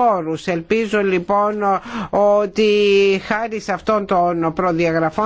πόρους. Ελπίζω λοιπόν ότι χάρη σε αυτόν τον προδιαγραφών